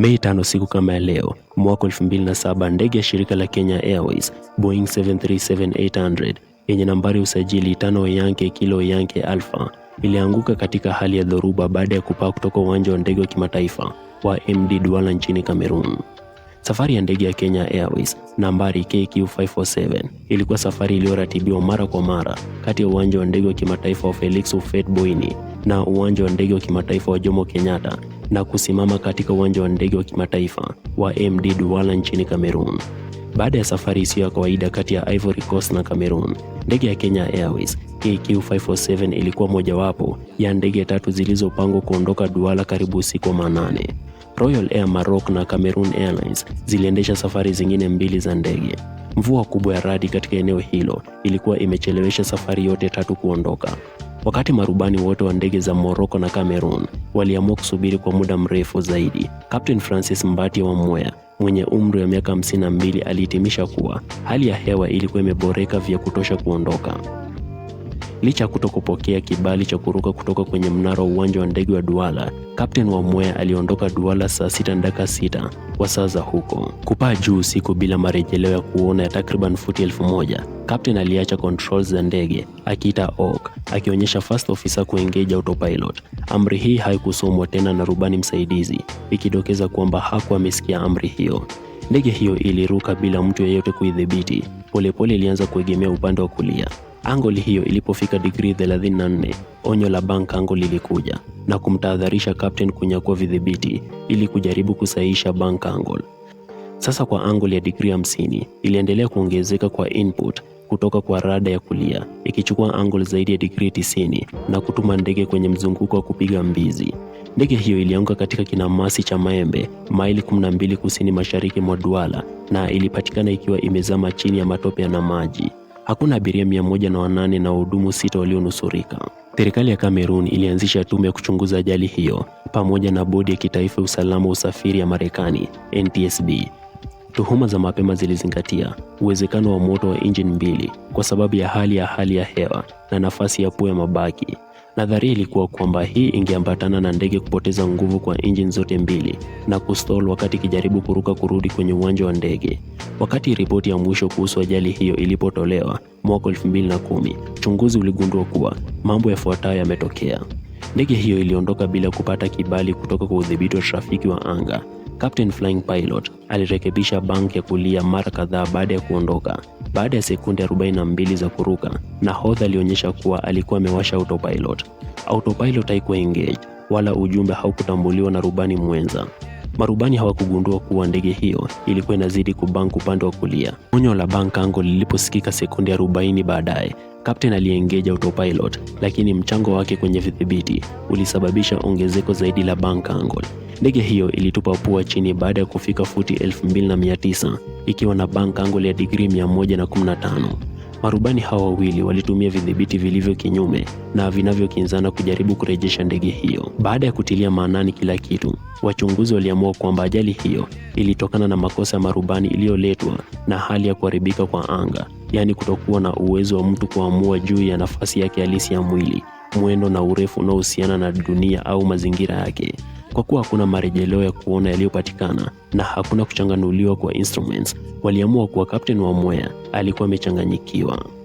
Mei tano siku kama ya leo mwaka 2007 ndege ya shirika la Kenya Airways Boeing 737-800 yenye nambari ya usajili tano yanke kilo yanke alfa ilianguka katika hali ya dhoruba baada ya kupaa kutoka uwanja wa ndege wa kimataifa wa MD Duala nchini Kamerun. Safari ya ndege ya Kenya Airways nambari KQ547 ilikuwa safari iliyoratibiwa mara kwa mara kati ya uwanja wa ndege wa kimataifa wa Felix ufet Boini na uwanja wa ndege wa kimataifa wa Jomo Kenyatta na kusimama katika uwanja wa ndege wa kimataifa wa MD Douala nchini Cameroon. Baada ya safari isiyo ya kawaida kati ya Ivory Coast na Cameroon, ndege ya Kenya Airways KQ547 ilikuwa mojawapo ya ndege tatu zilizopangwa kuondoka Douala karibu usiku wa manane. Royal Air Maroc na Cameroon Airlines ziliendesha safari zingine mbili za ndege. Mvua kubwa ya radi katika eneo hilo ilikuwa imechelewesha safari yote tatu kuondoka. Wakati marubani wote wa ndege za Morocco na Cameroon waliamua kusubiri kwa muda mrefu zaidi, Captain Francis Mbatia wa Mwea mwenye umri wa miaka 52 alihitimisha kuwa hali ya hewa ilikuwa imeboreka vya kutosha kuondoka. Licha ya kutokupokea kibali cha kuruka kutoka kwenye mnara wa uwanja wa ndege wa Duala, Kapten Wamwea aliondoka Duala saa sita ndaka sita kwa saa za huko. Kupaa juu usiku bila marejeleo ya kuona ya takriban futi elfu moja Captain aliacha controls za ndege akiita ok, akionyesha first officer kuengage autopilot. Amri hii haikusomwa tena na rubani msaidizi, ikidokeza kwamba hakuwa amesikia amri hiyo. Ndege hiyo iliruka bila mtu yeyote kuidhibiti. Polepole ilianza kuegemea upande wa kulia. Angoli hiyo ilipofika digrii 34, onyo la Bank-Angol lilikuja na kumtahadharisha captain kunyakua vidhibiti ili kujaribu kusahihisha bank angle. Sasa kwa angle ya digrii 50 iliendelea kuongezeka kwa input kutoka kwa rada ya kulia ikichukua angle zaidi ya digrii 90 na kutuma ndege kwenye mzunguko wa kupiga mbizi. Ndege hiyo ilianguka katika kinamasi cha Maembe, maili 12 kusini mashariki mwa Duala, na ilipatikana ikiwa imezama chini ya matope na maji hakuna abiria mia moja na wanane na wahudumu sita walionusurika. Serikali ya Kamerun ilianzisha tume ya kuchunguza ajali hiyo pamoja na bodi ya kitaifa ya usalama wa usafiri ya Marekani NTSB. Tuhuma za mapema zilizingatia uwezekano wa moto wa injini mbili kwa sababu ya hali ya hali ya hewa na nafasi ya pua ya mabaki. Nadharia ilikuwa kwamba hii ingeambatana na ndege kupoteza nguvu kwa injini zote mbili na kustall wakati ikijaribu kuruka kurudi kwenye uwanja wa ndege. Wakati ripoti ya mwisho kuhusu ajali hiyo ilipotolewa mwaka 2010, uchunguzi uligundua kuwa mambo yafuatayo yametokea: ndege hiyo iliondoka bila kupata kibali kutoka kwa udhibiti wa trafiki wa anga Captain Flying Pilot alirekebisha bank ya kulia mara kadhaa baada ya kuondoka. Baada ya sekunde 42 za kuruka, nahodha alionyesha kuwa alikuwa amewasha autopilot. Autopilot haikuwa engage wala ujumbe haukutambuliwa na rubani mwenza. Marubani hawakugundua kuwa ndege hiyo ilikuwa inazidi kubank upande wa kulia. Onyo la bank angle liliposikika sekunde 40 baadaye, Captain aliengeja autopilot, lakini mchango wake kwenye vidhibiti ulisababisha ongezeko zaidi la bank angle. Ndege hiyo ilitupa pua chini baada ya kufika futi 2900 ikiwa na bank angle ya digrii 115. Marubani hao wawili walitumia vidhibiti vilivyo kinyume na vinavyokinzana kujaribu kurejesha ndege hiyo. Baada ya kutilia maanani kila kitu, wachunguzi waliamua kwamba ajali hiyo ilitokana na makosa ya marubani iliyoletwa na hali ya kuharibika kwa anga, yaani kutokuwa na uwezo wa mtu kuamua juu ya nafasi yake halisi ya mwili, mwendo na urefu unaohusiana na dunia au mazingira yake. Kwa kuwa hakuna marejeleo ya kuona yaliyopatikana na hakuna kuchanganuliwa kwa instruments, waliamua kuwa Captain Wamwea alikuwa amechanganyikiwa.